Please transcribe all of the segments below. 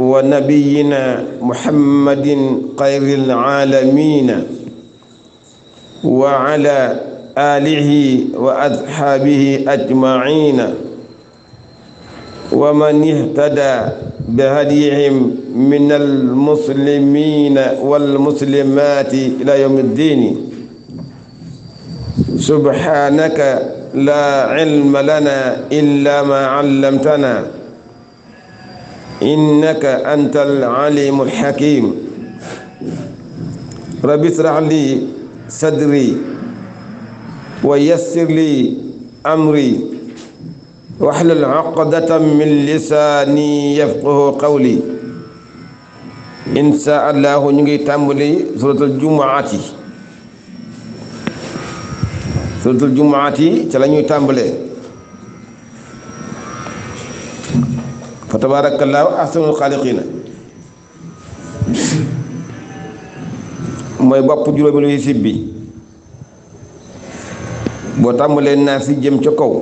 ونبينا محمد خير العالمين وعلى آله وأصحابه أجمعين ومن اهتدى بهديهم من المسلمين والمسلمات إلى يوم الدين سبحانك لا علم لنا إلا ما علمتنا إنك أنت العليم الحكيم رب اشرح لي صدري ويسر لي أمري واحلل عقدة من لساني يفقه قولي إن شاء الله نجي تاملي سورة الجمعة سورة الجمعة تلا نجي تاملي tabaarakallaahu ahsanul xaaliqiina mooy bopp juróomi luy sib bi boo tàmbalee naa si jëm ca kaw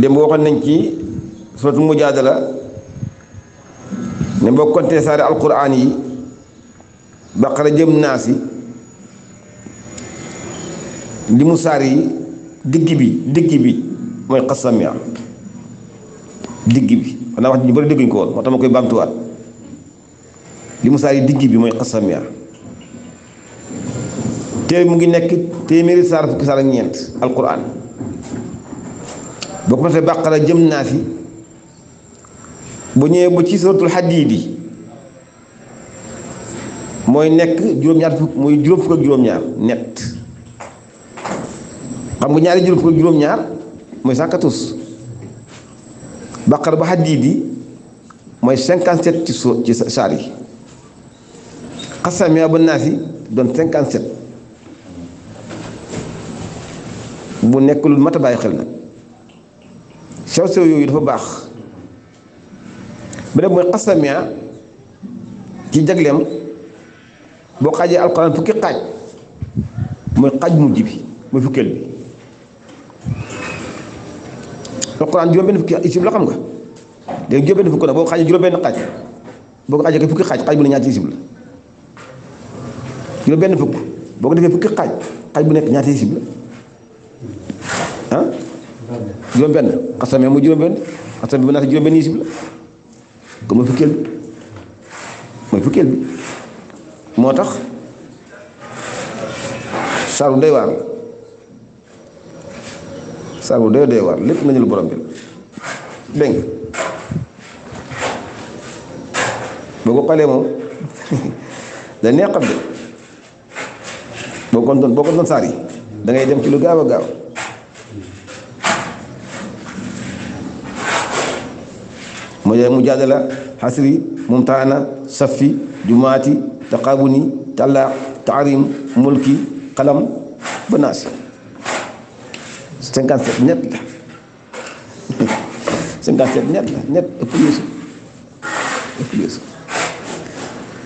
démb waxoon nañ ci suratu mujaadala ne boo compté saari alquran yi baqara jëm naa si li saar yi digg bi digg bi mooy xas samia digg bi xanaa wax ñu bëri moo tax ma koy bamtuwaat li mu saa digg bi mooy xas samia te mu ngi nekk téeméeri saar fukki saar ak ñeent alquran boo ko ma tee bàqara jëm naa fi bu ñëwee ba ci suratul xadiid mooy nekk juróom-ñaar fukk mooy juróom fukk ak juróom-ñaar nett xam nga ñaari juróom ñaar mooy 114 baqara ba xadiid yi mooy 57 ci soo ci saar yi xasamiya ba naas yi doon 57 bu nekk lu mat bàyyi xel na sew sew yooyu dafa baax beneen mooy xasamiya ci jagleem boo xaajee alxuraan fukki xaaj mooy xaaj mujj bi mooy fukkeel bi alxuraan juróom-benn fukki isib la xam nga léegi juróom-benn fukk nag boo ko benn xaaj boo ko xaajee ko fukki xaaj xaaj bu ne ñaata isib la juróom-benn fukk boo ko defee fukki xaaj xaaj bu nekk ñaata isib la ah juróom-benn xasame bi juróom-benn xasame bu naata juróom-benn isib la kon mooy fukkeel bi mooy fukkeel bi moo tax saaru doy waar saabu doy doy lépp nañu lu borom bi la dégg nga boo ko xalee moom da neex de boo ko doon boo ko doon saar yi dem ci lu gaaw a gaaw mu mu jaadala xasri mumtaana safi jumaati taqaabuni talaaq taarim mulki qalam ba 57 net la 57 net la net ëpp Yuusuf ëpp Yuusuf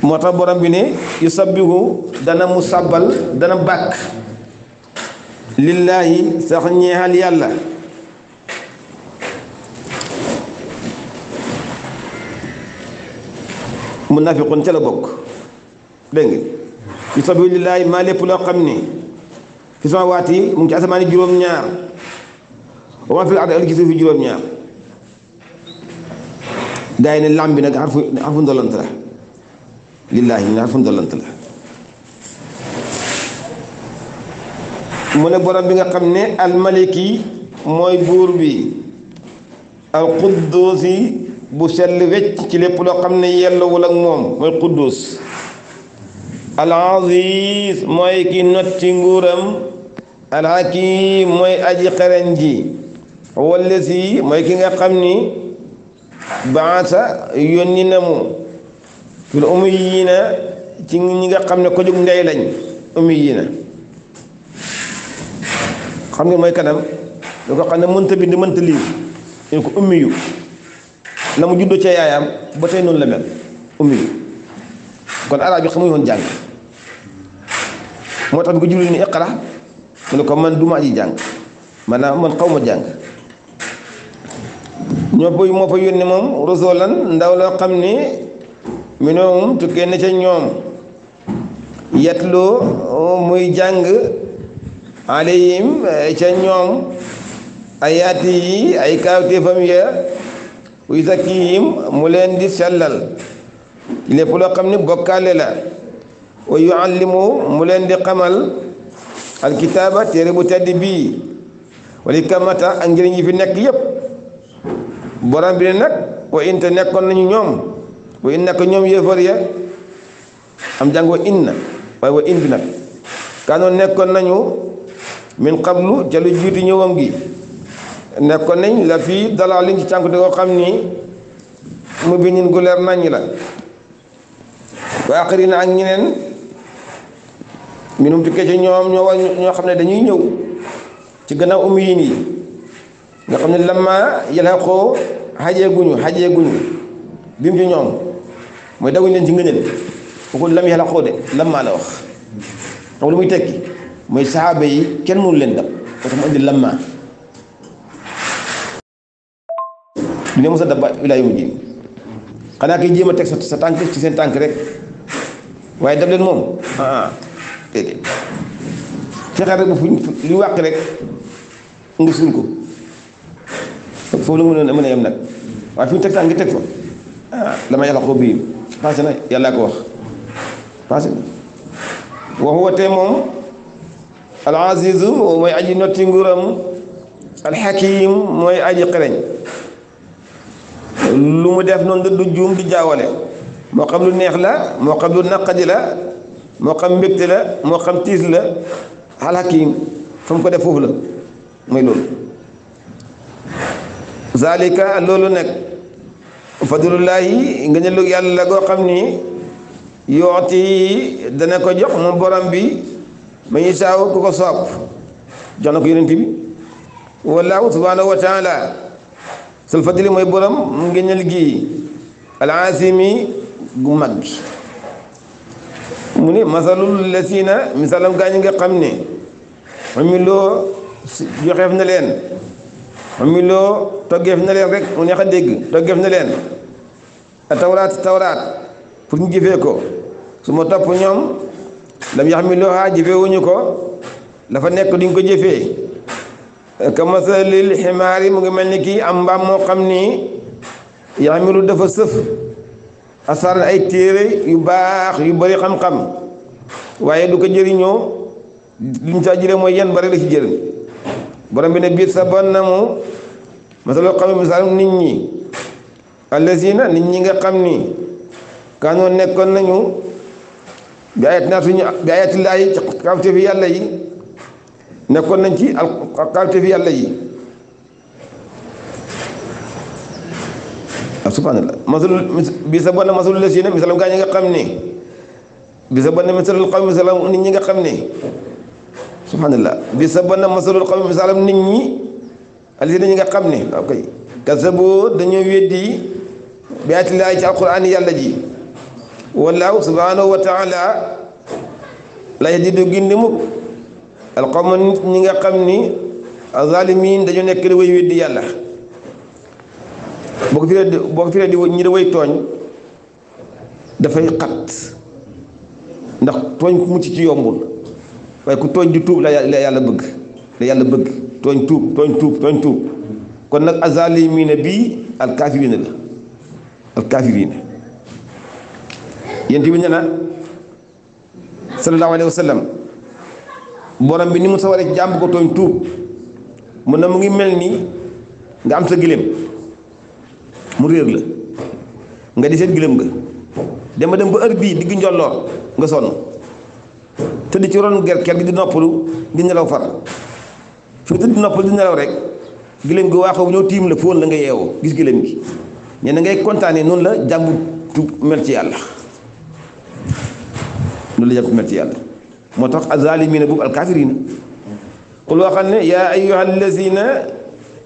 moo tax borom bi ni yu sabbihu dana mu sabbal dana bàkk lillaahi sax ñeexal yàlla munafiqun ca la bokk dégg nga yu sabbihu lillaahi maa lépp loo xam ni fi sama waat yi mu ngi ci asamaani juróom-ñaar wa fil ardi ak li ci suuf juróom-ñaar gaa yi ne lam bi nag xarfu xarfu ndolant la lillaahi ñu ne xarfu ndolant la ne borom bi nga xam ne almaliki mooy buur bi al quddusi bu sell wecc ci lépp loo xam ne yellowul ak moom mooy quddus al aziz mooy ki not ci nguuram al hakim mooy aji xereñ wallazi mooy ki nga xam ni baasa yónni na mu fil ummiyina ci ñi nga xam ne ko jóg ndey lañ ummiyina xam nga mooy kanam lu ko xam ne mënta bind mënta lii ñu ko ummiyu na mu juddoo ca yaayam ba tey noonu la mel ummiyu kon araab yi xamuñu woon jàng moo tax bi ni iqra mu ne ko man duma aji jàng maanaam man xawma ñoo boy moo fa yónni moom rasulan ndaw loo xam ni minoomum tukkee ca ñoom yatloo muy jàng alayhim eh, ca ñoom ayaati yi ay kaawteefam ya uy sakkihim mu leen di sellal lépp loo xam ni bokkaale la wa yuallimu mu leen di xamal alkitaaba téere bu tedd bii wali kamata ak njëriñ yi fi nekk yépp boraam bi ne nag wa nekkoon nañu ñoom wa in nekk ñoom yéefar ya am jàng wa in na waaye wa in nag kaanoon nekkoon nañu min qablu ca lu jiitu ñëwam gi nekkoon nañ la fii dalaa liñ ci cànk ko xam ni mu bi nin gu leer la wa na ak ñeneen minum tukkee ci ñoom ñoo war ñoo xam ne dañuy ñëw ci gannaaw ummiyin yi nga xam ne lamma yalhaqu xajee guñu xajee guñu bi mu ñoom mooy daguñu leen ci ngëneel bokkul lam yàlla xóode lam maa la wax xam lu muy tekki mooy saxaaba yi kenn mënu leen dab moo tax mu indi lam maa du ne mos a dab ba xanaa kay jéem a teg sa tànk ci seen tànk rek waaye dab leen moom ah déedéet fexe rek bu fuñ rek nga suul ko تكفو لو من امنا يمنك واي فين تكتا انك تكفو آه، لما يلا قوبين فاسنا يلا كوخ فاسنا وهو تيمم العزيز موي اجي نوتي نغورم الحكيم موي اجي قرن لو مو ديف نون دو جوم دي جاوالي مو خم لو نيه لا مو خم لو نقدي لا مو خم بكت لا مو خم تيس لا الحكيم فم كو ديف فوف zalika loolu nag fadlullaahi nga ne yàlla la goo xam ni yooti dana ko jox moom borom bi ma ñu saaw ku ko soob jox na ko yonent bi wallaahu subhaanahu wa taala mooy borom mu ngéñal gi alaasimi gu mag gi mu ni masalul lasina misalam gaañ nga xam ne amiloo joxeef na leen mi loo toggeef na leen rek mu neex a dégg toggeef na leen a tawraat pour ñu jëfee ko su ma topp lam yax mi loo wuñu ko dafa nekk duñ ko jëfee ka masalil ximaar mu ngi mel ni kii am mbaam moo xam ni yax mi lu dafa sëf asaaran ay téere yu baax yu bari xam-xam waaye du ko jëriñoo li mu saa jëlee mooy bari la ci jëriñ borom bi ne masaloo xaw misaalum nit ñi allazina nit ñi nga xam ni kaanoo nekkoon nañu bi ayat naa suñu bi ayati laay ci xawte fi yàlla yi nekkoon nañ ci xawte fi yàlla yi ah subhanallah masalul bi sa bonn masalul lazina misalam gaa nga xam ni bi sa bonn misalul xaw misalam nit ñi nga xam ni subhanallah bi sa bonn masalul xaw misaalam nit ñi alladina ñi nga xam ne waaw kay kazabo dañoo weddi bi ci alquran yàlla ji wallaahu subhanahu wa taala la yahdi du gindi mukk alqawma nit ñi nga xam ni azalimin dañoo nekk di way weddi yàlla boo ko di boo di ñi way tooñ dafay xat ndax tooñ ku mucc ci yombul waaye ku tooñ di tuub la yàlla bëgg tooñ tuub tooñ tuub tooñ tuub kon nag azaalimiina bii alkaafiriina la alkaafiriina yéen tamit nee na sallallahu alayhi wa sallam borom bi ni mu sawaree ci jàmm ko tooñ tuub mu na mu ngi mel ni nga am sa giléem mu réer la nga di seen giléem ga dama dem ba heure bii digg njolloor nga sonn tëdd ci ron ger ker gi di noppalu di nelaw far soo tëdd noppal di nelaw rek giléem gi waaxoo bu ñëw tiim la fóon la nga yeewoo gis giléem gi ñe na ngay kontaanee noonu la jàmbu tu mel ci yàlla noonu la jàmbu mel ci yàlla moo tax azaalimiina boobu alkaafiriina qul xam ne yaa ayyuha allazina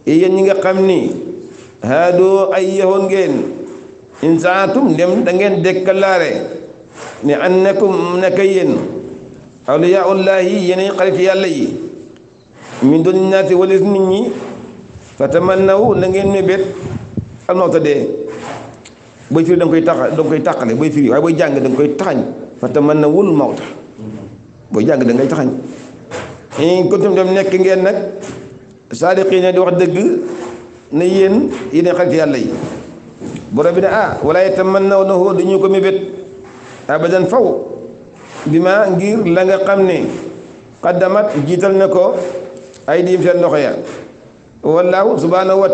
yéen ñi nga xam ni haadoo ay yoxoon ngeen insaatum ndem da ngeen déclaré ne annakum naka yéen awliyaa ullahi yeneen xarit yàlla yi min doon naati walis nit ñi fa naw na ngeen mébét al mawta dee booy firi da koy tax da koy tàqale booy firi waaye booy jàng da koy taxañ fa tamannawul mawta booy jàng da ngay taxañ in kuntum nekk ngeen nag saadiqiina di wax dëgg ne yéen yéen xarit yàlla yi borom bi ne ah wala yatamannawnahu dañu ko mébét abadan faw bi ma ngir la nga xam ne qaddamat jiital na ko ay diim seen loxo ya wallaahu subhaanahu wa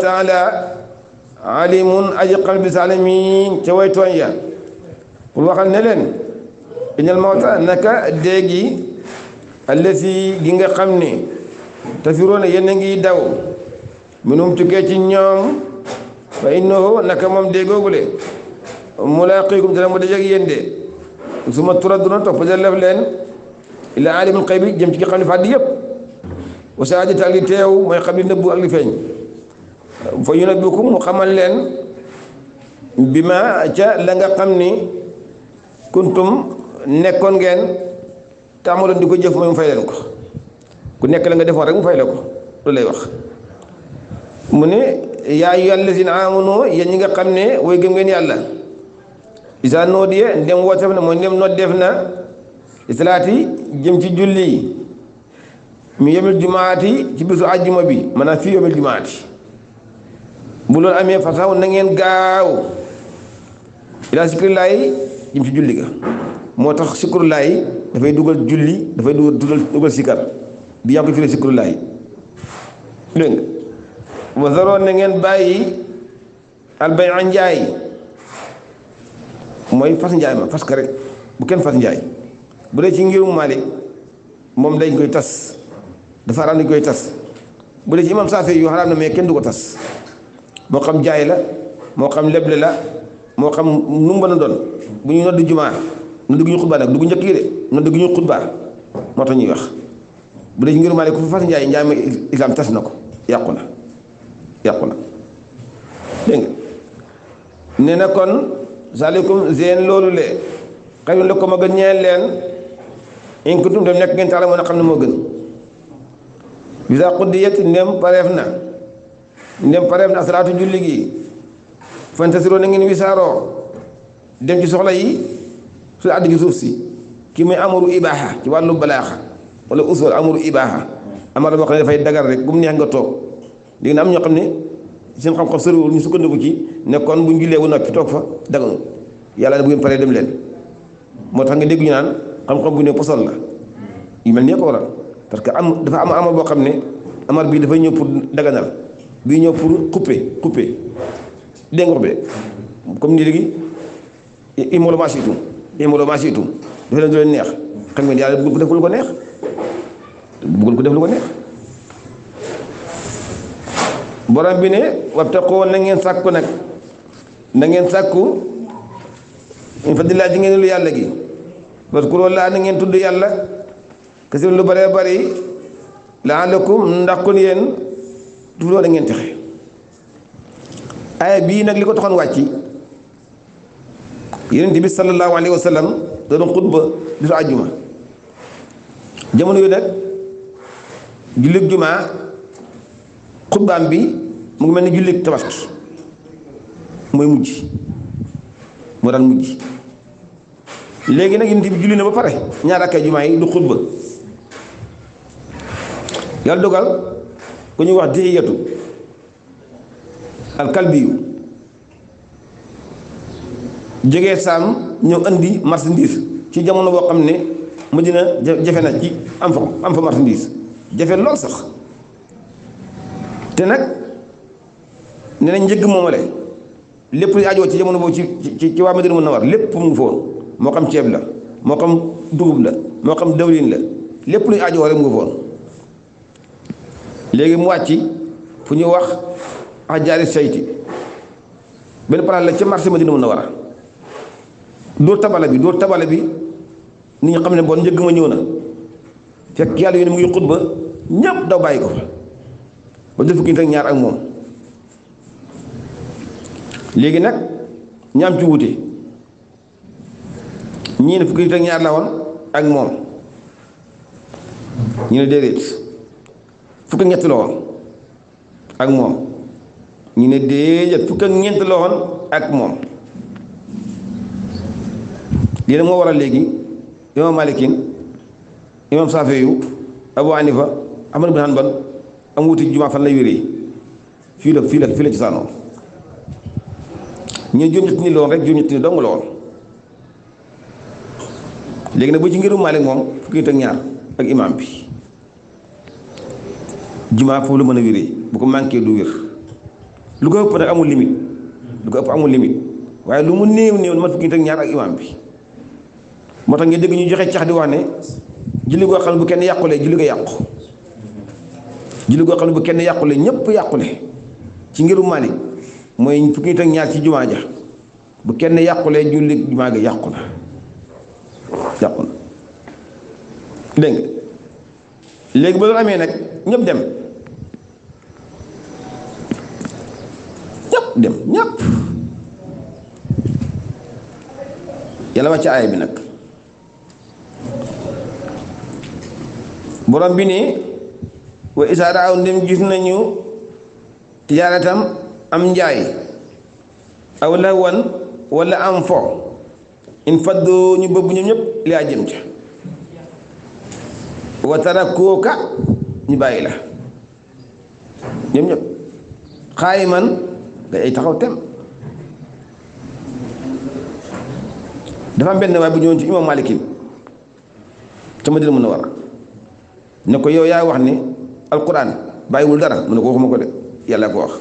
alimun aji xam bi saalamiin ca way ya pour waxal ne leen inal mawta naka dee gi allasi gi nga xam ne tafiroona yéen a ngi daw minum tukkee ci ñoom fa innahu naka moom dee googule mulaaqiikum dana mu dajeeg yéen de suma turaduna topp da leen ila alimul xaybi jëm ci ki xam ne fàddi yëpp wasaajata ak li teew mooy xam ne nëbbu ak li feeñ fa yu nabbikum mu xamal leen bi ma ca la nga xam ni kuntum nekkoon ngeen taamaloon di ko jëf mooy mu fay leen ko ku nekk la nga defoon rek mu fay la ko lu lay wax mu ne yaa ayyuhal lazina aamanu yéen ñi nga xam ne way gën ngeen yàlla isa noodiye ndem woote na mooy ndem noot def na islaati jëm ci julli mi yomil jumaati ci bisu àjjuma bi maanaam fii yomil jumaati bu loolu amee fasaw na gaaw ilaa sikirlaay jëm ci julli ga moo tax sikirlaay dafay dugal julli dafay dugal dugal sikar bi yaa ngi ko firee sikirlaay dégg nga ngeen bàyyi albay a mooy fas njaay ma fas ka rek bu kenn fas njaay bu dee ci ngirum Maalik moom dañ koy tas dafa araam nañ koy tas bu dee ci imam Saafi yu xaraam na mais kenn du ko tas moo xam jaay la moo xam leble la moo xam nu a doon bu ñu nodd jumaa nodd gi ñu xutbaa nag du gu njëkk gi de nodd gi ñu xutbaa moo tax bu dee ci ngir maale ku tas na ko yàqu na yàqu na dégg nga nee na kon salikum loolu le xëy na ko ma gën ñeel leen in kuntum dem nekk ngeen taala moo xam ne moo gën isa xuddiyat ndem pareef na ndem pareef na asalaatu julli gi fantasiroo na ngeen wisaaroo dem ci soxla yi su àdd gi suuf si ki muy amaru ibaaxa ci wàllu balaaxa wala usul amuru ibaaxa amara boo xam ne dafay dagar rek gum neex nga toog léegi na am ñoo xam ne seen xam-xam soriwul ñu sukkandiku ci nekkoon kon bu ñu jullee bu noppi toog fa daganu yàlla ne bu paree dem leen moo tax nga dégg ñu naan xam-xam bu ne posol la yu mel nii ko parce que am dafa am amal boo xam ne amal bii dafay ñëw pour daganal bii ñëw pour couper couper dégg nga comme ni léegi imolo maa siitum imolo dafa leen du leen neex xam ngeen yàlla bëggul ko def lu ko neex bëggul ko def lu ko neex borom bi ne wabtaqoo na ngeen sàkku nag na ngeen sàkku min fadlillah ji ngeen lu yàlla gi parce que loolu laa na ngeen tudd yàlla kasiran lu bari bëri laalakum ndax kon yéen du loolu ngeen texe aaya bii nag li ko taxoon wàcci yonent bi sallallahu alayhi wa sallam xutba di su àjjuma jamono yu nag jullit jumaa xutbaam bi mu ngi mel ni jullit tabaski mooy mujj moo daan mujj léegi nag yonent bi julli na ba pare ñaar ak ay yi du xutba yàlla dogal ku ñuy wax dihiyatu alkalbiyu jógee saam ñëw indi marchandise ci jamono boo xam ne mujj na jafe na ci am fa am fa marchandise jafe lool sax te nag ne na njëgg moomale lépp lu ajoo ci jamono boobu ci ci ci waa Madina mën na war lépp mu ngi moo xam ceeb la moo xam dugub la moo xam dawlin la lépp luy ajoo rek mu ngi foon léegi mu wàcc fu ñuy wax ajaari sayti benn place la ca marché Madina mën a war a dóor tabala bi dóor tabala bi nit ñi xam ne bon njëgg ma ñëw na fekk yàlla yéen mu ngi xutba ñëpp daw bàyyi ko fa ba def fukki nit ak ñaar ak moom léegi nag ñaam ci wuute ñii ne fukki nit ak ñaar la woon ak moom ñu ne déedéet fukk ak ñett la ak moom ñu ne déedéet fukk ak ñett la ak moom yéen moo waral léegi imam malikin imam safeyu abu hanifa ahmad ibn hanbal am wuti jumaa fan lay wéree fii la fii la fii la ci saanoo ñu ne juróom-ñett ni la rek juróom-ñett ni dong la woon léegi nag bu ci ngirum malik moom fukki nit ak ñaar ak imam bi juma foofu la mën a wéree bu ko manqué du wér lu ko ëpp nag amul limite lu ko ëpp amul limite waaye lu mu néew néew mat fukki ak ñaar ak imam bi moo tax nga dégg ñu joxe cax di wax ne julli goo xam ne bu kenn yàqulee julli ko yàqu julli goo xam ne bu kenn yàqule ñëpp ci ngiru fukki ñaar ci ja bu kenn julli ga dem dem ñëpp ya wàcc aay bi nak borom bi ne wa isaa raaw ndem gis nañu tijaaratam am njaay aw lawan wala am fo in faddu ñu bëbb ñoom ñëpp li a jëm ca wa tarakooka ñu bàyyi la ñoom ñëpp Eh, taxaw dafa am benn waay bu ñëwoon ci imam Malikin, ca madina mun a ya, war ne ko yow yaa wax ni alquran bàyyiwul dara mu ne ko waxuma ko de yàlla ko wax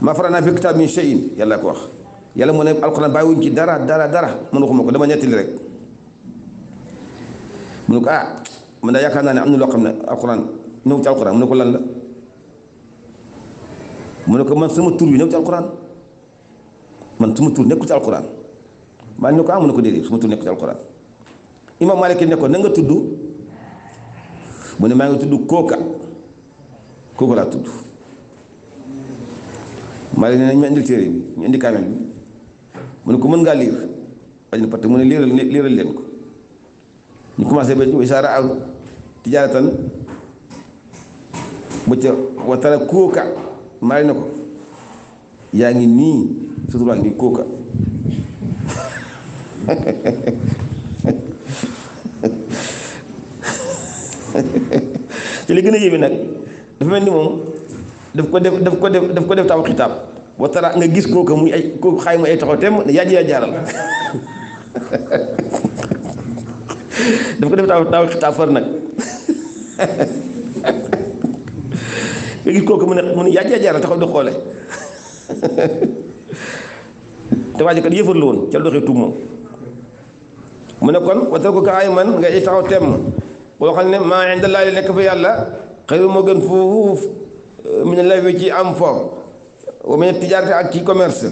ma farana fi kitab min cheyin yàlla ya, ko wax yàlla ya, mu ne alquran bàyyiwuñ ci dara dara dara mu ne waxuma ko dama nettali rek mu ne ko ah man yaakaar naa ne am na loo xam ne alquran ñëw ci alquran mu ne ko lan la mu ne ko man sama tur bi nekk ci alquran man sama tur nekkul ci alquran maa ne ko ah mu ne ko déedéet sama tur nekkul ci alquran imam Malik ne ko na nga tudd mu ne maa ngi tudd kooka kooka laa tudd Malik ne ñu indil indi kaamel bi mu ne ko mën ngaa liir ajin parce que mu ne liiral liiral leen ko ñu commencé ba isaara al tijaaratan ba ca wa tara kooka may na ko yaa ngi nii suturaa ngi kooka ci li gën a yéeme nag dafa mel ni moom daf ko def daf ko def daf ko def taaw xitaab boo tara nga gis kooka muy ay kooku xaay mu ay taxaw temm ne yaa ji yaa daf ko def taaw taaw xitaab far nag nga gis kooku mu ne mu ne yaa jaajaara taxaw di xoole te waa woon ca doxee mu ne kon wa ko man taxaw temm boo xam ne maa inda laa nekk fa yàlla xëyru moo gën fuuf euh, mu la ci am fo wa mu ne ak ci commerce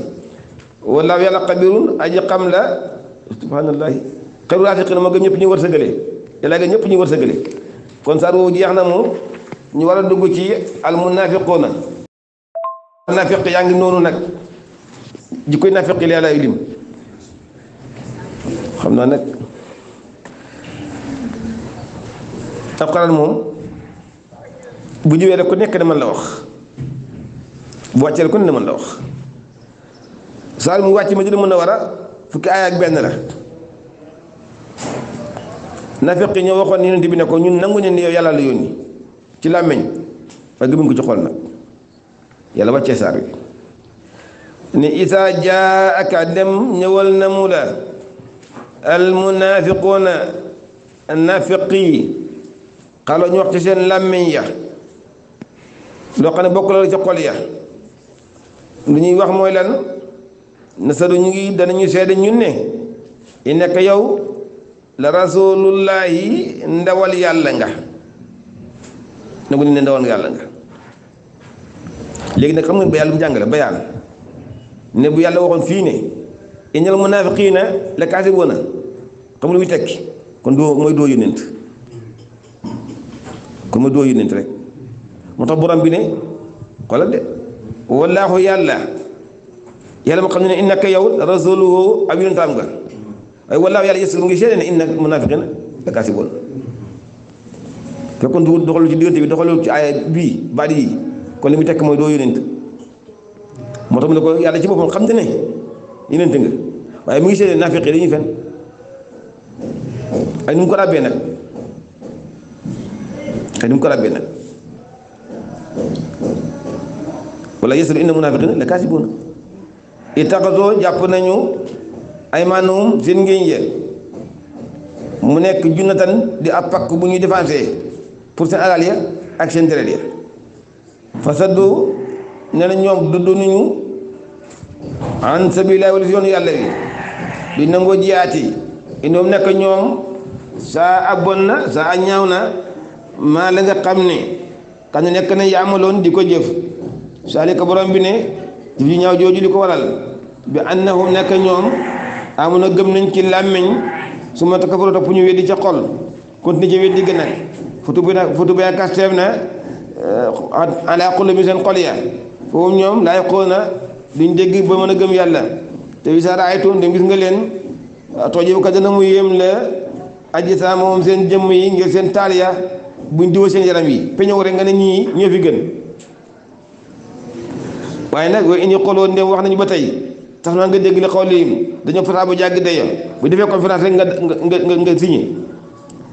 wala yàlla xabirun aji xam la subhanallahi xëyru raasiqin moo gën ñëpp ñuy wërsëgale yàlla gën ñëpp ñuy jeex na moom ñu war a dugg ci al munafiquuna nafiq yaa ngi noonu nag jikkoy nafiq yi lay lim xam naa nag alxuraan moom bu ñëwee rek ku nekk ne la wax bu wàccee rek ku ne man la wax saa mu wàcc ma dina mën a war a fukki aaya ak benn la nafiq yi ñoo waxoon yonent bi ne ko ñun nangu ne ni yow yàlla la yónni ci làmmiñ waaye gëmuñ ko ci xol nag yàlla wàccee saar bi ne isaa jaa aka dem ñëwal na mu la almunaafiquuna naafiq yi ñu wax ci seen làmmiñ ya loo xam ne bokk la ci xol ya lu ñuy wax mooy lan nasaru ñu ngi danañu seede ñun ne i nekk yow la rasulullahi ndawal yàlla nga nangu ne ndawal yàlla nga léegi nag xam ngeen ba yàlla mu jàngale ba yàlla ne bu yàlla waxoon fii ne innal munaafiqiina la kaasibuuna xam lu muy te kon doo mooy doo yónent kon mooy doo yónent rek moo borom bi ne xoolal de wallaahu yàlla yàlla ma xam ne innaka yow rasuluhu ab yónentam nga waaye wallaahu yàlla yës mu ngi seede ne innal munaafiqiina la kaasibuuna fekkoon du doxalu ci diggante bi doxalu ci ay bii bari yi kon li mu tekk mooy doo yónent moo tax mu ne ko yàlla ci boppam xam ne yónent waaye mu ngi seede naafiq yi dañuy fen ko ràbbee nag ay nu ko ràbbee nag wala yesalu inna munafiqina la kaasibuuna jàpp nañu ay maanum seen ngéeñ mu nekk junnatan di ab pakk bu ñuy défensé pour seen alal ya ak seen deret ya fasaddu ne na duddu an sabilillahi wala si yoonu yàlla wi di nangoo jiyaati indoom nekk sa abonna sa bon na saa a na maa la nga xam kan nekk na di ko jëf saalika borom bi ne jëf ji ñaaw jooju ko waral bi annahum nekk ñoom amoon na nañ ci làmmiñ su ma takkafaroo ñu weddi xol ci weddi futu bi nag futu bi nag kasteef na eh, ala qulubi seen xol ya foofu ñoom laay xool na duñ dégg ba mën a gëm yàlla te wisaara ay tuun dem gis nga leen ah, tojo ka dana mu yéem la aji saa moom seen jëmm yi ngir seen taal ya buñ diwa seen yaram yi peñoo rek nga ne ñii ñoo fi gën waaye nag wa indi xoloo ndem wax nañu ba tey tax na nga dégg la xol yi dañoo fasaa bu jàgg deyo bu defee conférence rek nga nga nga signé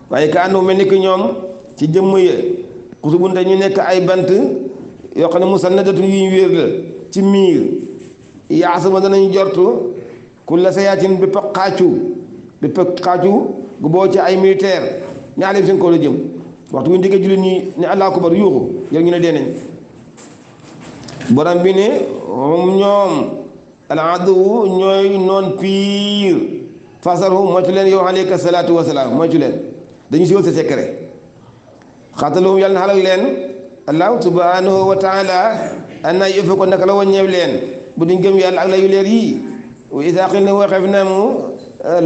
waaye ka ànd mel ni que ñoom ci jëmm ya kutubun dañu nekk ay bant yoo xam ne musannadatun yu ñu wéer la ci miir yaasuma danañu jortu ku la sayaatin bépp a xaacu bépp gu boo ci ay militaire ñaaleem seen kaw la jëm waxtu bu ñu déggee jullit ñi ne allahu yuuxu yëg ñu ne dee borom bi ne moom ñoom aladuwu ñooy noon piir fasarhu moytu leen yow aleyka salaatu wasalaam moytu leen dañu siiwal sa secret xaataluhum yàlla na xalal leen allahu subhanahu wa taala anna yufako naka la waññeew leen bu duñ gëm yàlla ak layu leer yii wa isaa qil na waxef na mu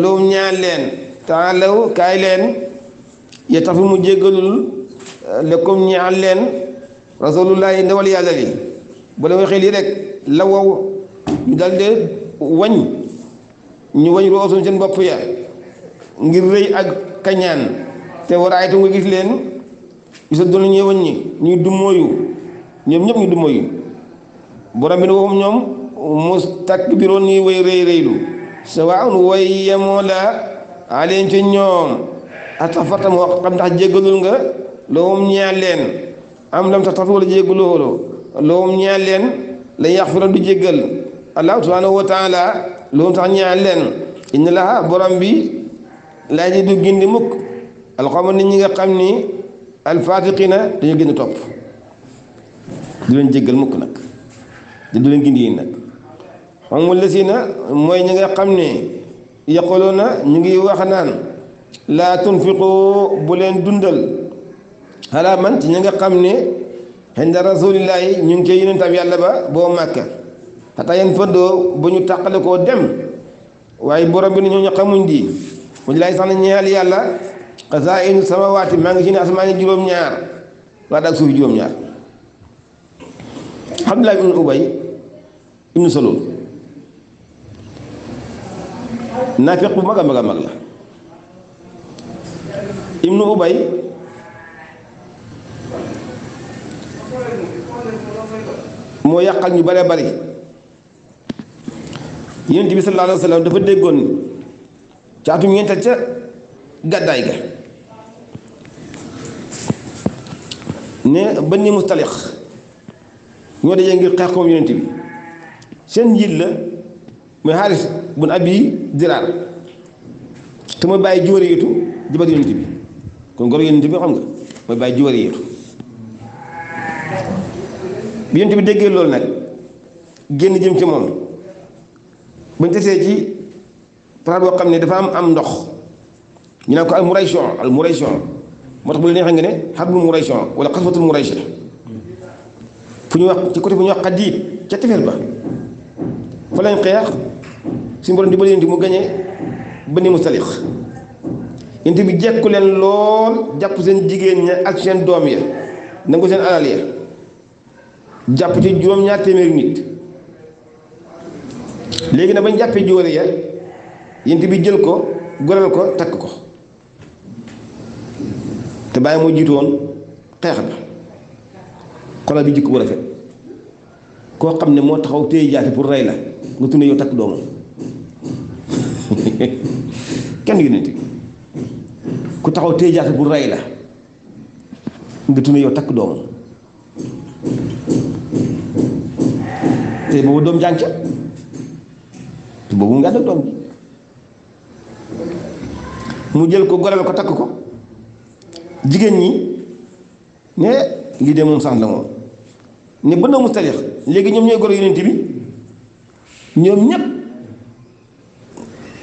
lum ñaan leen taalaw kaay leen ye tafu mu jéggalul lekkum ñaan leen rasulullahi ndawal yàlla li bu la waxee rek la wow ñu dal wañ ñu wañ roosum seen bopp ya ngir rëy ak kañaan te war aaytu nga gis leen isa donu ñuy wàññi ñuy dummóoyu ñoom ñëpp ñu dummóoyu borom bi ne waxum ñoom mustakbiroon nii way rëy rëylu sawaun way yemoo la aleen ci ñoom atafartam wax xam ndax jéggalul nga loowum ñaal leen am lam tax tax wala jéggalu xoolu la yaxfira du jéggal allahu subhanahu wa taala tax ñaal leen inna borom bi laaj du gindi mukk alxawma nit ñi nga xam ni alfaatiqina dañoo gën a topp du leen jéggal mukk nag te du leen gindi yi nag amul lasiina mooy ñi nga xam ne yaquluuna ñu ngi wax naan laa tunfiqu bu leen dundal xalaa man ci ñi nga xam ne xinda rasulillahi ñu ngi koy yonentam yàlla ba boo màkka xataa yan fëddoo bu ñu tàqale koo dem waaye borom bi ne ñoo xamuñ di mu lay sax na ñeel yàlla xasaa'inu samawaati maa ngi ci ne asmaani juróom-ñaar waaye ak suufi juróom-ñaar Abdullah ibnu Ubay ibnu Salul naafiq bu mag a mag a mag la ibnu Ubay moo yàqal ñu bare bari Yonent bi sallallahu alayhi wa dafa déggoon ca atum ñeenteel ca gàddaay ga ne Bani Mustaliq ñoo dajee ngir xeex koom yonent bi seen njiit la muy Xaaris bun Abi Diraar te mooy bàyyi Juwariyatu jabar yonent bi kon gor yonent bi xam nga mooy bàyyi Juwariyatu bi yonent bi déggee loolu nag génn jim ci moom bañ tesee ci palaat boo xam ne dafa am am ndox ñu naan ko al murayshon al murayshon moo tax bu neexee nga ne xablul muraysi wala xaswatul muraysi fu ñu wax ci côté bu ñu wax xaddiit ca tefel ba fa lañ xeex suñu borom dimbali di mu gañee Bani Musalix yonent bi jekku leen lool jàpp seen jigéen ña ak seen doom ya nangu seen alal ya jàpp ci juróom-ñaar téeméeri nit léegi nag bañ jàppee jóore ya yonent bi jël ko goreel ko takk ko te bàyyi moo jiitu woon xeex bi xoolal bi jikk bu rafet koo xam ne moo taxaw téye jaasi pour ray la nga tunne yow takk doomam kenn taxaw téye jaasi pour la nga tunne yow takk doomam te boobu doom jàng ca te boobu nga mu jël ko goreel ko takk ko jigéen ñi ne lii de moom sax la moom ne ba na mu léegi ñoom ñooy goro yonent bi ñoom ñëpp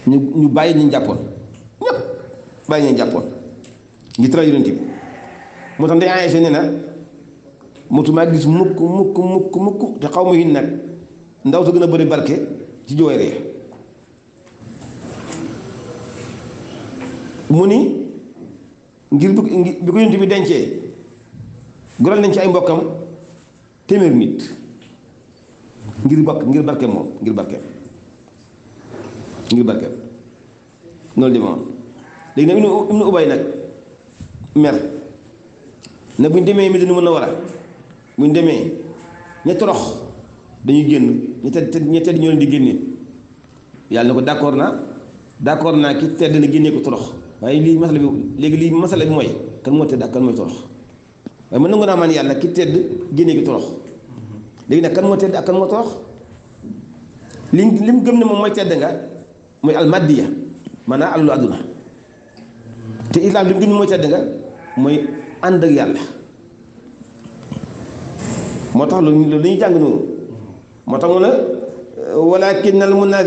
ñu ñu bàyyi ñu jàppoon ñëpp bàyyi ñu jàppoon ngi tëral yonent bi moo tax day Aysa ne na motumaa gis mukk mukk mukk mukk te xaw ma hin nag ndaw sa gën a bëri barke ci jooy ree mu ni ngir bu bi ko yonent bi dencee goral nañ ci ay mbokkam téeméer nit ngir bokk ngir barke moom ngir barke ngir barke noonu demee woon léegi nag Ibnu Ubay nag mer ne bu ñu demee Medina mën a war a demee ña torox dañuy génn ña tedd ña tedd ñoo di génne yàlla na ko d'accord naa d'accord naa ki tedd na génnee ko torox waaye lii masala bi léegi lii masala bi mooy kan moo tedd ak kan mooy torox waaye mën nangu naa maan yàlla ki tedd génne gi torox léegi nag kan moo tedd ak kan moo torox li li mu gëm ne moom mooy tedd nga mooy almaddiya maanaam alalu àdduna te islam li mu gëm ne mooy tedd ànd ak yàlla moo tax loolu loolu dañuy jàng noonu moo tax mu ne walakin al na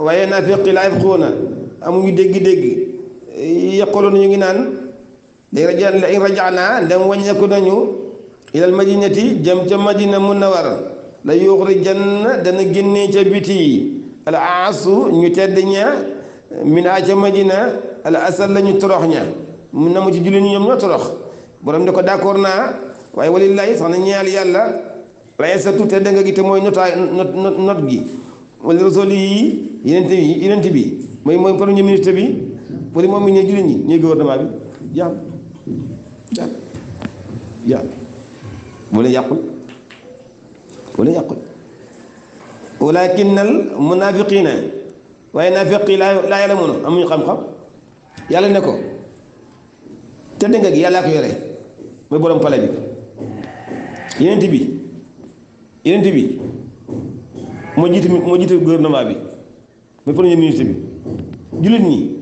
waaye naa naafiqi laa yafquuna amuñu dégg-dégg yaqulun ñu ngi naan la raja la in rajaana ndem wàññeeku nañu ilal madinati jëm ca madina war la yuxrijanna dana génnee ca biti al aasu ñu tedd ña minaa ca madina al asal la ñu torox ña mun na mu ci julli ñu ñoom ñoo torox borom ne ko naa waaye walillahi sax na ñaal yàlla lay sa tuute danga gi te mooy notaay not not gi wala rasuli yi yenente bi bi mooy mooy premier ministre bi pour moom mi ñee jullit ñi ñuy gouvernement bi jàmm jàmm jàmm bu leen yàqul bu leen yàqul walakinnal munafiqina waaye naafiq yi laa ya'lamuuna amuñu xam-xam yàlla ne ko te dégg nga yàllaa ko yore mooy borom pale bi yenent bi yenent bi moo jiite moo jiite gouvernement bi mooy premier ministre bi jullit ñi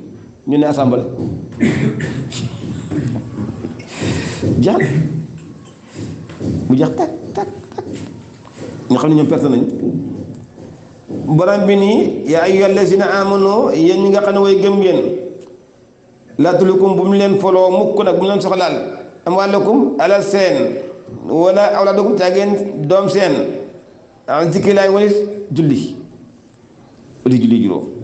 ñu ne assemblée jeex mu jeex tak tak tak ñu xam ne ñoom perte nañu bi nii yaa ayyuha allazina amanu yéen ñi nga xam ne way gëm ngeen laa tulhikum bu mu leen foloo mukk nag bu mu leen soxlaal amwaalakum alal seen wala awlaadakum caageen doom seen an zikrillaah walis julli juróom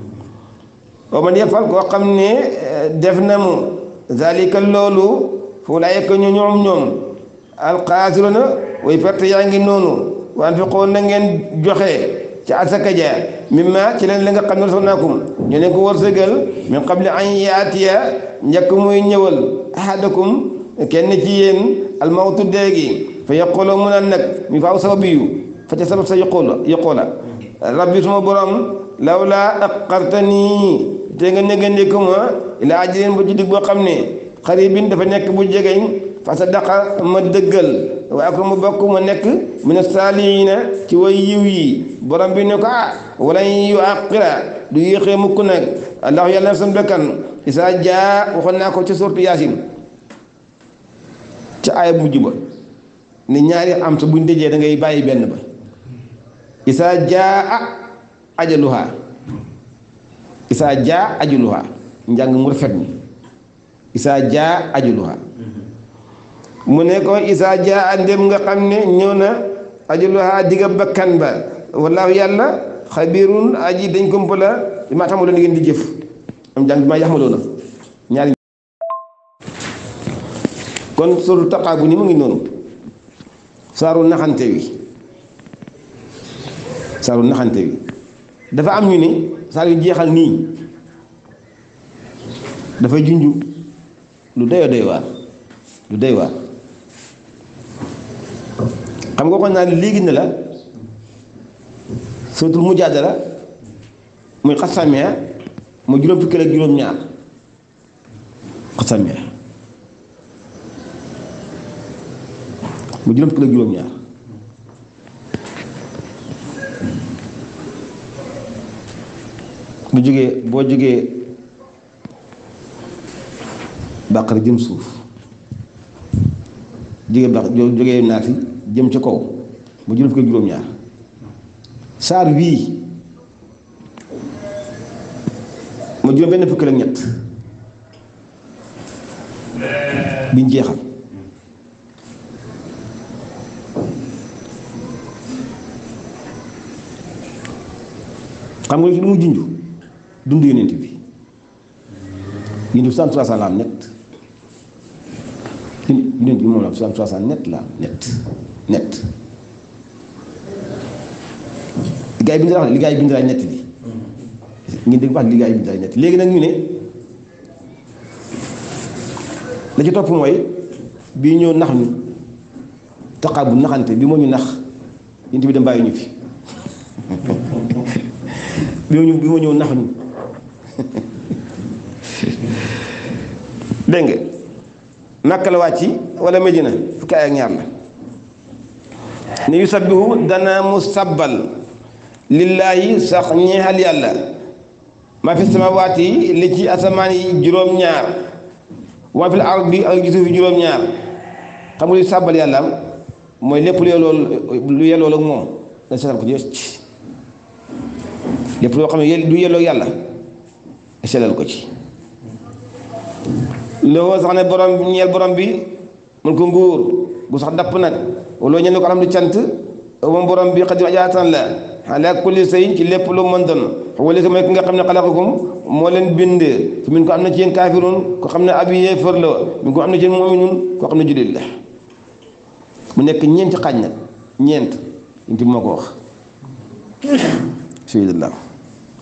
wa man yafal koo xam ne eh, def na mu zalika loolu fu laayeka ñu ñoom ñoom alxaasiro na way perte yaa ngi noonu waan fi na ngeen joxe ci asaka ja mimma ci leen la nga xam ne sonaakum ñu leen ko wërsëgal min qabli an yaatiya njëkk muy ñëwal ahadakum kenn ci yéen almawtu dee gi fa yaqoola mu naan nag mi faaw sabab yu fa ca sabab sa yaqoola rabbi suma borom lawla aqartani te nga négandiku ma ilaa ajalin ba ci dig boo xam ne xaribin dafa nekk bu jegeñ fa sadaqa ma dëggal waaye ko mu bokk ma nekk min saalihiina ci way yiw yi borom bi ne ko ah, wala yu àqira du yéexee mukk nag allah yàlla na sam bekkan isaa jaa waxoon naa ko ci sortu yaasin ca aaya mujj ba ne ñaari am sa buñ dëjee da ngay bàyyi benn ba isaa jaa ajaluha isaa jaa ajuluha njàng mu rafet mi isaa jaa ajuluha mu ne ko isaa jaa ndem nga xam ne ajuluha digga bakkan ba wallaahu yàlla xabirun aji dañ kompa la maa taxamaloon ngeen di jëf am jàng bi maa yaxamaloona ñaari kon suru taqaabu ni mu ngi noonu saaru naxante wi naxante wi dafa am ñu ni saar yu jeexal nii dafay junj lu doy doy waar lu doy waar xam nga ko naa ne léegi ne la suratul mujaadala muy xasamiya mu juróom fukki ak juróom-ñaar xasamiya mu juróom fukki ak juróom-ñaar bu jóge boo jógee bàqara jëm suuf jógee bàq jógee naa jëm ci kaw mu juróom fukki juróom-ñaar ma juróom benn fukki ak ñett biñ jeexal xam nga lu mu junju dund yonent bi yonent bi 73 ans la am net yonent bi moom la am 73 ans net la am net net bi nga li liggaay bi nga net bi ngeen dégg baax bi net léegi nag ñu ne la ci topp mooy bi ñëw nax ñu taqaa bu naxante bi moo ñu nax yonent bi dem bàyyi ñu fi bi moo ñëw nax ñu dégg nga Makka la wàcc wala Medina fukki ay ak ñaar la ni yu sabbihu dana mu sabbal lillaahi sax ñeexal yàlla ma fi samawaati li ci asamaan yi juróom-ñaar wa fil ardi ak ci suuf yi juróom-ñaar xam nga li sàbbal yàlla mooy lépp lu yelloo lu yelloo moom nga seetal ko ci lépp loo xam ne du yelloo yàlla nga seetal ko ci lowoo sax ne borom ñeel borom bi mun ko nguur gu sax dapp nag waloo ñeen ko alhamdu cant moom borom bi xadim ajaatan la ci lépp lu mën wala ki nga xam ne xalaqakum moo leen bind fi min ko am na ci yéen kaafirun ko xam ne ab yéefar la ko am na ci yéen muminun koo xam ne jullit mu nekk ñeenti xaaj nag ñeent inti moo ko wax sahidallah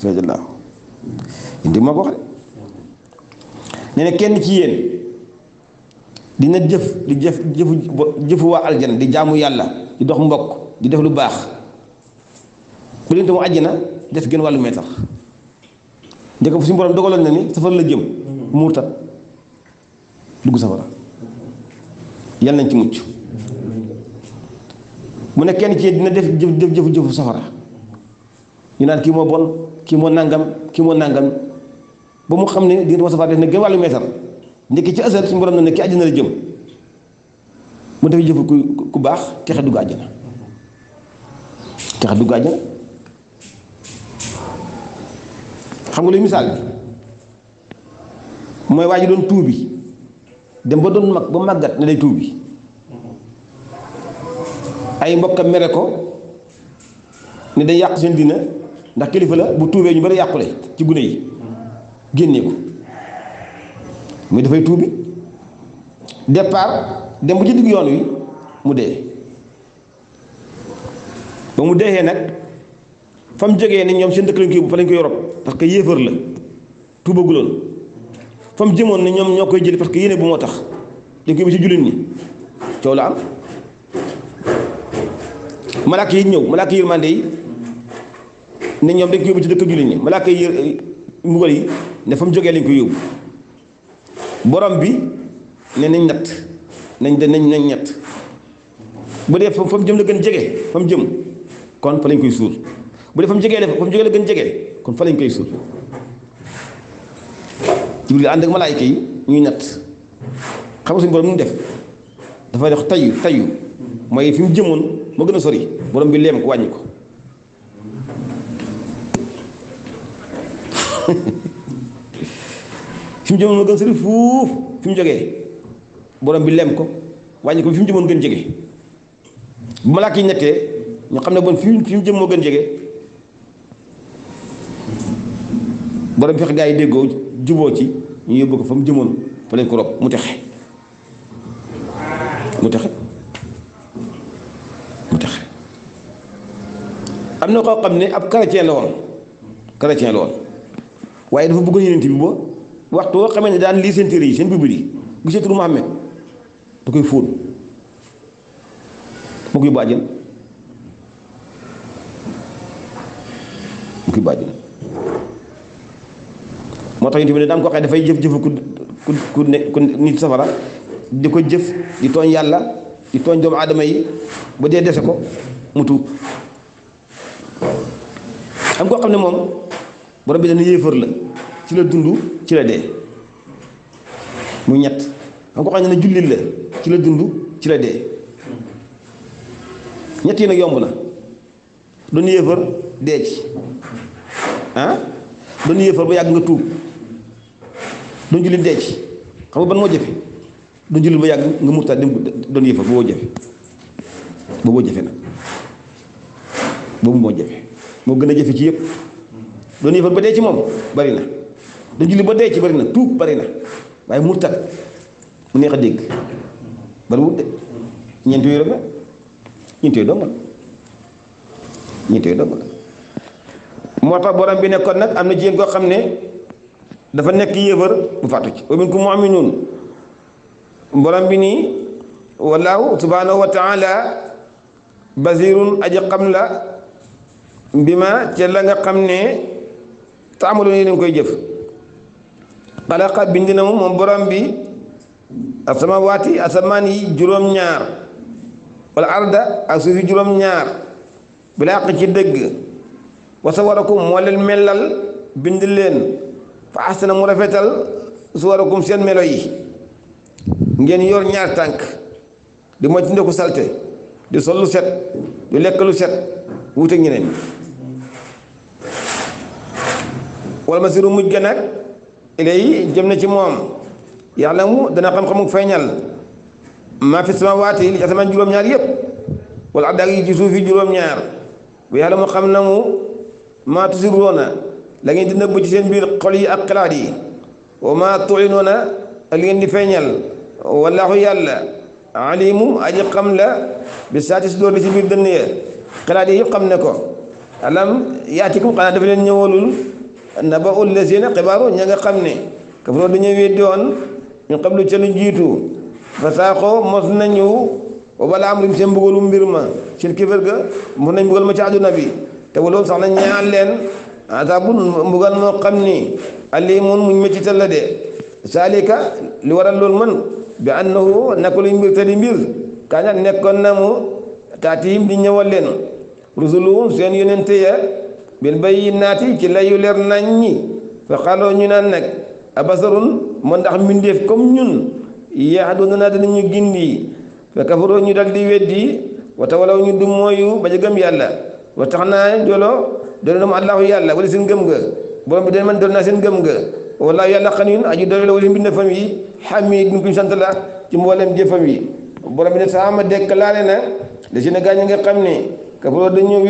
sahidallah inti moo nee na kenn ci yéen dina jëf di jëf jëfu jëfu waa aljana di jaamu yàlla di dox mbokk di def lu baax bu leen tamu àjjana def gën wàllu meetar njëkk suñu borom dogaloon na ni safara la jëm muurtat dugg safara yàlla nañ ci mucc mu ne kenn ci dina def jëf jëf jëfu safara ñu naan kii moo bon kii moo nangam kii moo nangam ba mu xam ne diggante Mustafaa def na gën wàllu meetar ndekki ci asar suñu borom na ne ki àjjana la jëm mu def jëfu ku ku baax texe dugg àjjana texe dugg àjjana xam nga luy misaal bi mooy waa ji doon tuubi dem ba doon mag ba màggat ne day tuubi ay mbokkam mere ko ne day yàq seen dina ndax kilifa la bu tuubee ñu bari yàqule ci gune yi génnee ko muy dafay tuubi départ dem bu ci digg yoon wi mu dee ba mu deexee nag fa mu jógee ni ñoom seen dëkk lañ koy fa lañ koy yorob parce que yéefar la tuubaguloon fa mu jëmoon ni ñoom ñoo koy jëli parce que yéene bu moo tax dañ koy ba ci ñi coow yi ñëw malaaka yërmande yi ne ñoom dañ koy yóbbu ci dëkk jullit ñi malaaka yi eh, ne fa mu jógee lañ ko yóbbu borom bi ne nañ natt nañ de nañ nañ ñett bu dee fa mu jëm la gën jege fa mu jëm kon fa lañ koy suul bu dee fa mu jógee la gën jege kon fa lañ koy suul Jibril ànd ak malaayka yi ñuy natt xam nga borom mu def dafay def tayu tayu mooy fi mu jëmoon moo gën a sori borom bi leem ko wàññi fi mu jëmoon ma gën sori fuuf fi mu jógee borom bi lem ko wàññi ko fi mu jëmoon gën jege bu malaaka yi nettee ñu xam ne bon fi fi mu jëm moo gën jege borom fexe gaa yi déggoo juboo ci ñu yóbbu ko fa mu jëmoon fa lañ ko rob mu texe mu texe mu texe am na koo xam ne ab chrétien la woon chrétien la woon waaye dafa bëgg yonent bi ba waxtu boo xamee ne daan lii seen téere yi seen bible yi gisee turu Muhammad da koy fóon mu koy bàjjal mu koy bàjjal moo tax ñu tamit daan ko waxee dafay jëf jëfu ku ku ku ne nit safara di ko jëf di tooñ yàlla di tooñ doomu aadama yi ba dee dese ko mu tuub am koo xam ne moom borom bi dana yéefar la ci la dund ci la dee mu ñett nga ko xam ne jullit la ci la dund ci la dee ñett yi nag yomb na doon yéefar dee ci ah doon yéefar ba yàgg nga tuub doon jullit dee ci xam nga ban moo jëfe doon jullit ba yàgg nga murtaat di doon yéefar booboo jafe booboo jëfe nag boobu moo jëfe moo gën a jëfe ci yëpp doon yéefar ba dee ci moom bari na da julli ba dee ci bari na tuub bari na waaye murtad mu neex a dégg bari wut de ñeent yooyu rek la ñeent yooyu la moo tax borom bi nekkoon nag am na jigéen koo xam ne dafa nekk yéefar bu faatu ci omin ku mu am noonu borom bi nii wallaahu subhanahu wa taala basirun aji xam la bi ma la nga xam ne taamaloon yi leen koy jëf xalaqa bind na mu moom borom bi asamawaati asamaan yi juróom-ñaar wala arda ak suufi juróom-ñaar bilaa xaq ci dëgg wasawarakum moo leen melal bind leen fa asana mu rafetal suwarakum seen melo yi ngeen yor ñaar tànk di moytandiku salte di sol set di lekk lu set wuute ñeneen wala masiru mujj ga nag ilay jëm na ci moom yàlla mu dana xam-xamu feeñal maa fi samaawaati li ci asamaan juróom-ñaar yëpp wala addaak yi ci suuf yi juróom-ñaar bu yàlla mu xam na mu maa tusiruuna la ngeen di nëbb ci seen biir xol yi ak xalaat yi wa maa tulinuuna ak li ngeen di feeñal wallaahu yàlla alimu aji xam la bi saati si door li ci biir dënn ya xalaat yi yëpp xam ne ko alam yaatikum xanaa dafa leen ñëwalul naba ul lazina xibaaru ña nga xam ne kafaroo dañu weddi ñu xablu ca lu jiitu fasaaxoo mos nañu wala am lim seen mbir ma ci kéefar ga mos nañ mbugal ma ci àdduna bi te waloolu sax na ñaan leen azaabun mbugal moo xam ni aliimun muñ mettital la de saalika li waral loolu man bi annahu naka luy mbir te nekkoon na mu taatihim di ñëwal leen rusuluhum seen yonente ya bil bayyinaati ci layu leer nañ ñi fa xaloo ñu naan nag abasarun ma ndax mbindeef comme ñun yahdunanaa danañu gindi fa kafaroo ñu dal di weddi wa ñu du mooyu ba ca gëm yàlla wa tax naa jolo doole na mu allahu yàlla wala seen gëm nga borom bi den man dool naa seen gëm nga wallaahu yàlla xaniyun aju doole la wala seen mbindeefam yi xamid ñu sant la ci mboolem jëfam yi borom bi ne saama déclaré na li si ne gaañ nga xam ne kafaroo dañu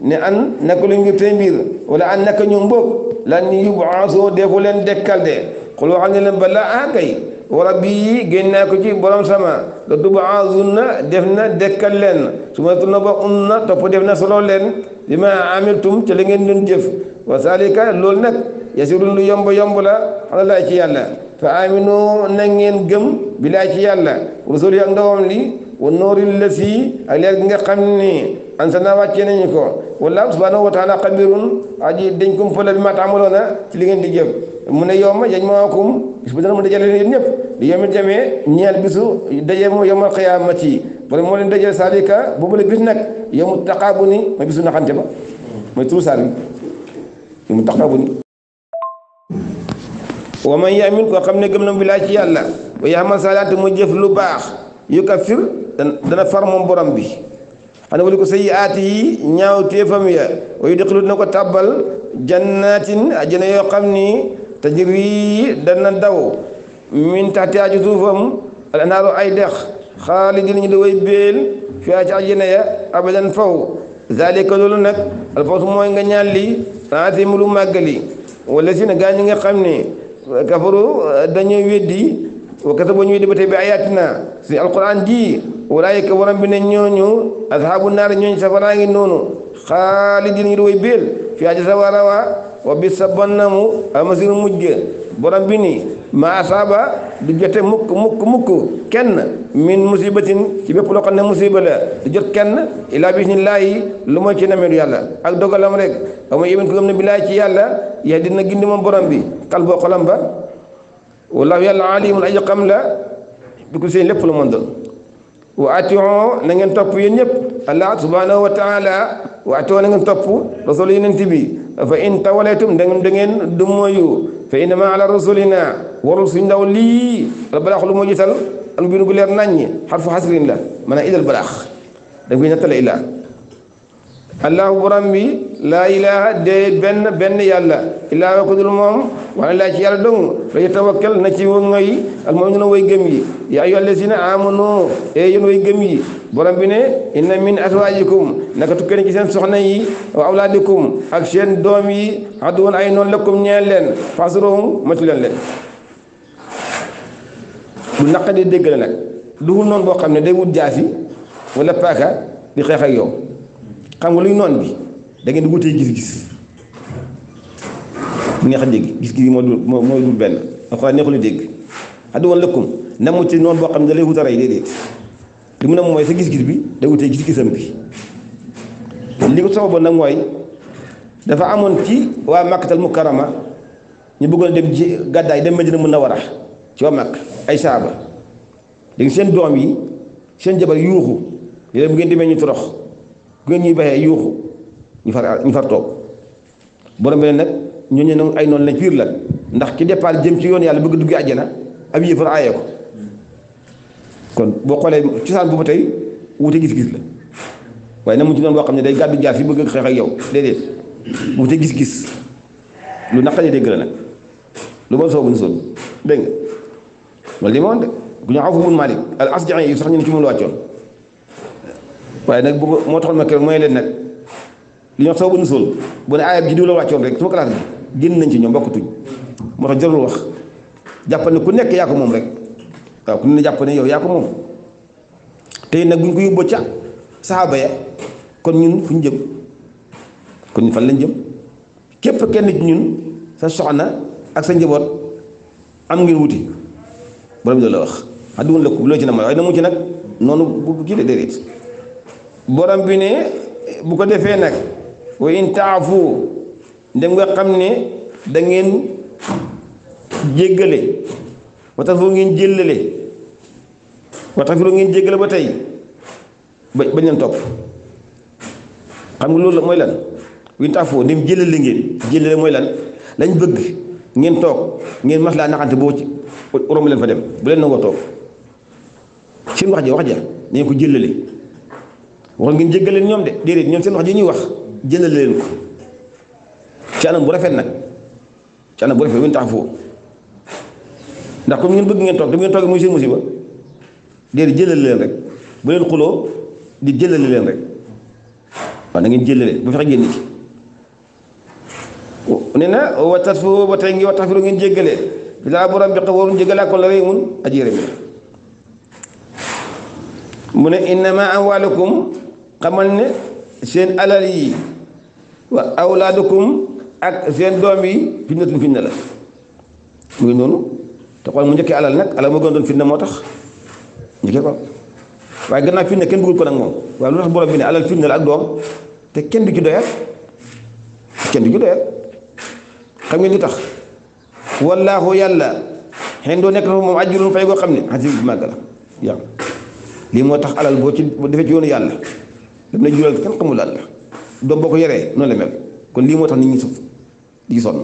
ne an naka lu ngir tey mbir wala an naka ñoom boog lan ñu yubaasoo defu leen dekkal de xul waxal ne leen balaa ah kay wa rabbi yi génn naa ko ci borom sama la na def na dekkal leen su ma na ba un na topp def na solo leen bi ma amiltum ca la ngeen doon jëf wa salika lool nag yasirun lu yomb yomb la xana laa ci yàlla fa amino na ngeen gëm bi laa ci yàlla rusul yi ak ndawam li wa nooril la fii ak leer gi nga xam ni anzalnaa wàccee nañu ko wallaahu subhaanahu wa taala xabiirun aji dañ ko pëla bi maa taamaloona ci li ngeen di jëf mu ne yawma yajma'ukum bis bu dana mu dajale yéen ñëpp li yawmi jamee mu yawmal qiyaamati wala moo la bis nag yawmu taqaabuni ma bisu naxante ba mooy turu bi yawmu ci yàlla wa yaamal saalaat mu jëf lu baax yukaffir dana far moom borom bi xana wali ko sayyiaati yi ñaaw téefam ya wa yudxilu dina ko tàbbal jannaatin ajjana yoo xam ni tajri dana daw min taxtihaa a suufam al anaaru ay dex xaalidin ñu da way béel fiihaa ci ajjana ya abadan faw zalika nag alfawsu mooy nga ñaan li azimu lu màggali wala si na gaa nga xam ni kafaru dañuy weddi wa kasabu ñu weddi ba tey bi si alquran ji walaayika waram bi ne ñooñu asxaabu naar ñooñu safaraa ngi noonu xaalidin ngir way béel fi aja sawara wa wa bi sa mujj borom bi ni ma asaaba du jote mukk mukk mukk kenn min musibatin ci bépp loo xam ne musiba la du jot kenn ilaa bisnillaahi lu mooy ci nameeru yàlla ak dogalam rek ama yémin ko gëm ne bilaay ci yàlla ya dina gindi moom borom bi xal boo xolam wallaahu yàlla alimun aji xam la bi ko seen lépp lu mën wa atiu na ngeen top yeen ñep allah subhanahu wa ta'ala wa atiu na ngeen top rasul yi ñent fa in tawalaytum da ngeen da ngeen du moyu fa in ma ala rasulina wa rusul ndaw li rabbal akhlu mo jital am bi ngul leer nañ harfu hasrin la mana ila al barakh da ngeen natala ila allah rabbi laa ilaha déedéet benn benn yàlla illaa wa ko dul moom wala laa ci yàlla dong lay tawakkal na ci wëngay ak moom ñu way gëm yi yaa ayyuha allazina amanu e yéen way gëm yi borom bi ne inna min azwajikum naka tukkee ne seen soxna yi wa awlaadikum ak seen doom yi aduwwun ay noonu lakum ñeel leen fahzuruhum moytu leen leen du naqa di dégg la nag duhul noonu boo xam ne day wut jaasi wala paaka di xeex ak yow xam nga luy noon bi da ngeen di wutee gis-gis mi nga xam dégg gis-gis yi moo dul moo dul benn alxuraan neexul dégg addu woon lëkkum ci noonu boo xam ne da lay wuta li mu ne mooy sa gis-gis bi da wutee gis-gisam bi li ko sababoon nag mooy dafa amoon ci waa mu Mukarrama ñu bëggoon dem ci gàddaay dem Madina Munawara ci waa Makka ay saaba léegi seen doom yi seen jabar yuuxu yooyu bu ngeen demee ñu torox bu ngeen ñuy baxee yuuxu ñu far ñu far toog borom bi nag ñu ne ay noon lañ piir la ndax ki départ jëm ci yoon yàlla bëgg dugg àjjana ab yéefar aayee ko kon boo xoolee cosaan bu ba tey wute gis-gis waaye na mu ci doon xam ne day gàddu jaar fi bëgg xeex ak yow déedéet wute gis-gis lu naqaree de la nag lu bon soobu ñu soobu dégg li ma woon de ku ñu xaw fu mun Maalik al asja'i yi sax ñu ne ci mun la wàccoon waaye nag bu moo taxoon ma kër mooy leen nag ñoo soobu nu sol bu ne ayab ji diw la wàccoon rek su gi ko laata génn nañ ci ñoom bokkatuñ moo tax jarul wax jàppal ne ku nekk yaa ko moom rek waaw ku ne jàpp ne yow yaa ko moom tey nag buñ ko yóbboo ca saxaaba ya kon ñun fu ñu jëm kon ñun fan lañ jëm képp kenn ci ñun sa soxna ak sa njaboot am ngeen wuti borom bi la wax xa dugun lëkku loo ci na mooy waaye na mu ci nag noonu bu kii de borom bi ne bu ko wa in taafu ndem nga xam ne da ngeen jéggale wa tafiru ngeen jéllale wa tafiru ngeen jéggale ba tey ba bañ leen topp xam nga loolu mooy lan wa in taafu ndem jéllale ngeen jéllale mooy lan lañ bëgg ngeen toog ngeen maslaa naxante boo ci romb leen fa dem bu leen nangoo toog seen wax ja wax ja dañ ko jëlale wax ngeen jéggal leen ñoom de déedéet seen wax ji ñuy wax jëlal leen ko ci anam bu rafet nag ci anam bu rafet wun tax foofu ndax comme ngeen bëgg ngeen toog da ngeen toog muy seen musiba déedéet jëlal leen rek bu leen xuloo di jëlale leen rek waaw na ngeen jëlale bu fexe génn ci nee na wa tasfu ba tey wa tasfu ngeen jéggale bilaa borom bi xawarun jéggale ko la rey mun aji rëy mu ne amwalukum xamal ne seen alal yi wa awlaadukum ak seen doom yi fitnatun fitna mu ngi noonu te xool mu njëkkee alal nag alal moo gën doon fitna moo tax njëkkee ko waaye gannaaw kenn bëggul ko moom waaye lu tax borom bi ne ak doom te kenn du ci doyal kenn du ci doyal xam ngeen lu tax wallaahu yàlla xëy doo nekk foofu moom ajjurun fay goo xam ne xasi bi màgg la yàlla lii moo tax alal boo ci defee ci yoonu yàlla dam na jural kenn xamul la doom boo ko yoree noonu la mel kon lii moo tax nit ñi suuf di sonn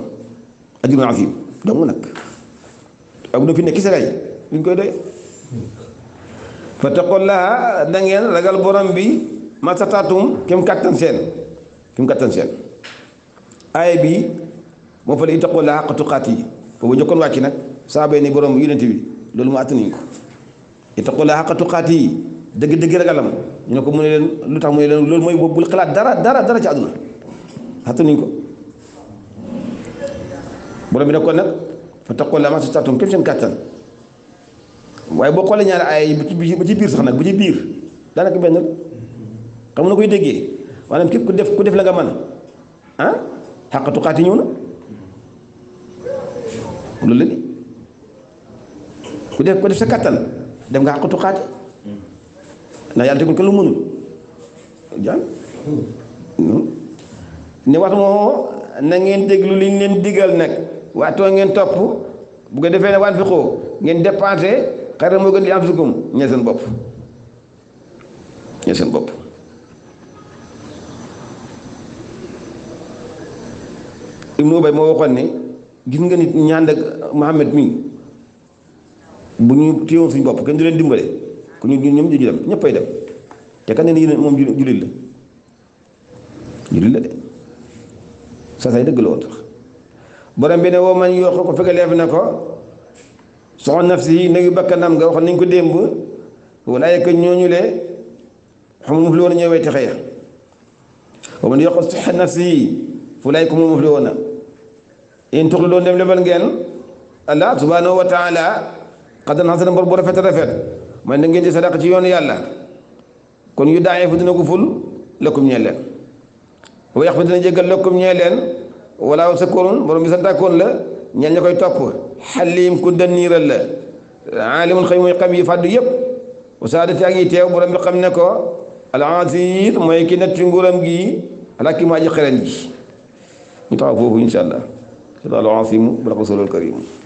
ajrun azim dong nag ak do fi ne kisi ray ñu koy doy fattaqullaha da ngeen ragal borom bi masataatum kem kattan seen kem kattan seen aaya bi moo fa la ittaqullaha haqqa tuqaati boobu njëkkoon wàcc nag saabee ni borom yonent bi loolu mu àtt nañ ko ittaqullaha haqqa tuqaati dëgg dëgg ragalam ñu ne ko mu ne leen lu tax mu ne leen loolu mooy bul xalaat dara dara dara ci àdduna xattanuñ ko borom bi ne ko nag fa taqoo laa mastata'tum képp seen kàttan waaye boo xoolee ñaari ay ba ci biir sax nag bu ci biir daanaka benn xam na koy déggee maanaam képp ku def ku def la nga man ah xàq tuqaati ñëw na loolu la ku def ku def sa kàttan def nga xàq tuqaati ndax yàlla ya. tegul ko lu mënul jàng ne wax moo na ngeen déglu liñ leen digal nag waatoo ngeen topp bu ko defee ne waan fi xoo ngeen dépensé xare moo gën li am sukum ñee seen bopp ñee seen bopp Ibnu Ubay moo waxoon gis nga kan nit ñaan ak Muhammad mi bu ñu téewoon suñu bopp kenn leen dimbale ku ñu ñoom ñu dem ñëppay dem te kan ne ni moom jullit la jullit la de sa say dëgg la woon sax borom bi ne woo man yoo ko fekk leef na ko soxna nafsi nayu bakkanam nga wax nañ ko démb walaay que ñooñu le xam nga lu woon ñooy way texe ya wa man yokk soxna nafsi fu laay ko mu muf li woon a in tuxlu doon dem lebal ngeen allah subhanahu wa taala xadan xasana bor bu rafet rafet mooy na ngeen di sadaq ci yoonu yàlla kon yu daayee fu dina ko ful lëkkum ñee leen wa yax fi dina jégal lëkkum ñee leen walaa sa koorun borom bi santaakoon la ñeen ña koy topp xaliim ku dënniiral la aalimun xëy muy xam yi fàddu yëpp wasaadati ak yi teew borom bi xam ne ko al aziz mooy ki nekk ci nguuram gi alaki maa ji xeran ji ñu taxaw foofu incha allah al azimu bala ko solol karimu